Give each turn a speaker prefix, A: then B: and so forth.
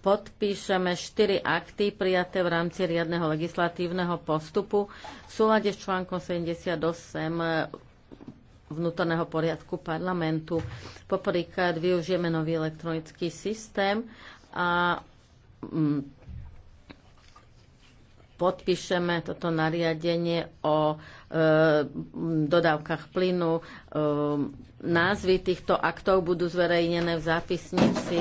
A: podpíšeme štyri akty prijaté v rámci riadneho legislatívneho postupu v súlade s článkom 78 vnútorného poriadku parlamentu. Poprvýkrát využijeme nový elektronický systém a mm, podpíšeme toto nariadenie o e, dodávkach plynu. E, názvy týchto aktov budú zverejnené v zápisnici